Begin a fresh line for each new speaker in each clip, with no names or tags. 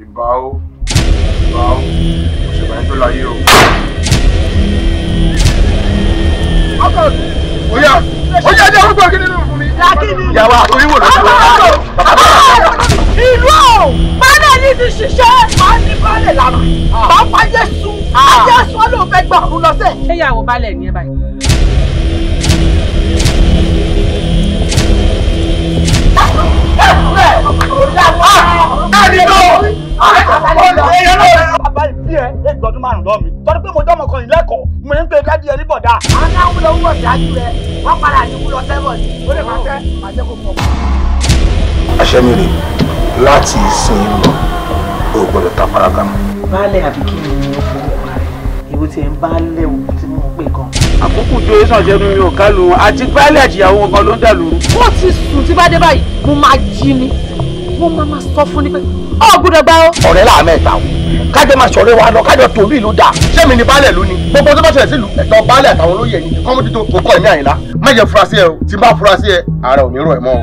ìbá ó ìbá ó òṣèlú ẹni tó láyé o. oya oya jẹ́ orúkọ kí nínú fún mi. ìyàwó àtòríwò ló ti wá. ìlú ò bálẹ̀ ní ti ṣiṣẹ́ máa ní bálẹ̀ lára ah. máa pa no Jésù ah. ọlọ́ọ̀fẹ́ gbà ọ̀run lọ́sẹ̀. ṣé ìyàwó bálẹ̀ ni ẹ báyìí. dádì ẹ lè gbọdún márùn lọ mi tọ́jú pé mo jọ́ ọmọ kan yìí lẹ́kọ̀ọ́ mo ń pe dádì ẹ ní bọ̀dá. àwọn táwọn lọ wúwo dájú rẹ wọn padà ní wúlọ sẹ́wọ̀n ó lè máa tẹ́ máa jẹ́ kó àṣẹ mi rè láti ìsìn lọ o gbọdọ̀ ta paraka. baálẹ̀ àbí kí ni mo fọwọ́ rẹ̀ èwo tiẹ̀ ń bá lẹ́wọ̀ tí mo pè kan. àkókò tó yẹ jẹnu mi ò kálu àti baálẹ̀ àtìyàwó wọn ló ń dàlú. wọ́n ti sùn tí bá dé báyìí mo máa jí ni wọ́n máa ma sọ fún ni pé ọ̀ gbọ́dọ̀ gbá ọ. ọ̀rẹ́ là mẹ́ta o kájọ máa ṣọ̀rẹ́ wa lọ kájọ torí ìlú dáa sẹ́mi ni baálẹ̀ lónìí gbogbo tó bá ṣẹlẹ̀ sílùú ẹ̀tọ́ baálẹ̀ àtàwọn olóyè ni kọ́mọ́tító kò kọ́ ẹ̀mí àyìnlá má jẹ́ furasí ẹ o tí bá furasí ẹ ara ò ní rọ̀ ẹ̀ mọ́ o.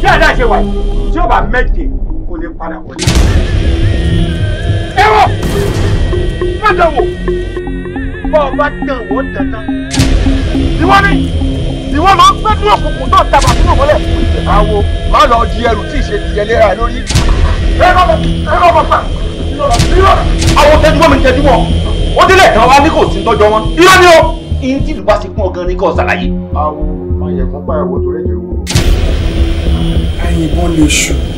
tí àdá ṣe wà tí ó bá mẹ́tẹ̀ẹ́ kò lè padà wọlé dán wò bọ́ ọ bá dán wò ó dán tán. ìwọ ni ìwọ máa ń gbẹ́dún òkùnkùn tó ń ta bàtúrò mọ́lẹ̀. àwo má lọ di ẹrù tí ìṣe ti ẹlẹ́ra lórí. ẹ lọ́ bọ̀ ẹ lọ́ bọ̀ pa àwọn tẹjúmọ́ mi tẹjúmọ́ ó délé ìtàn wa ní kò sí tọ́jọ́ wọn irọ́ ni ó ihun tí ìlú bá ti kún ọgán ní kò ṣàlàyé. àwọn ọmọ yẹn fún báyọ̀ wò torí ìdèrò. àyìnbọn lè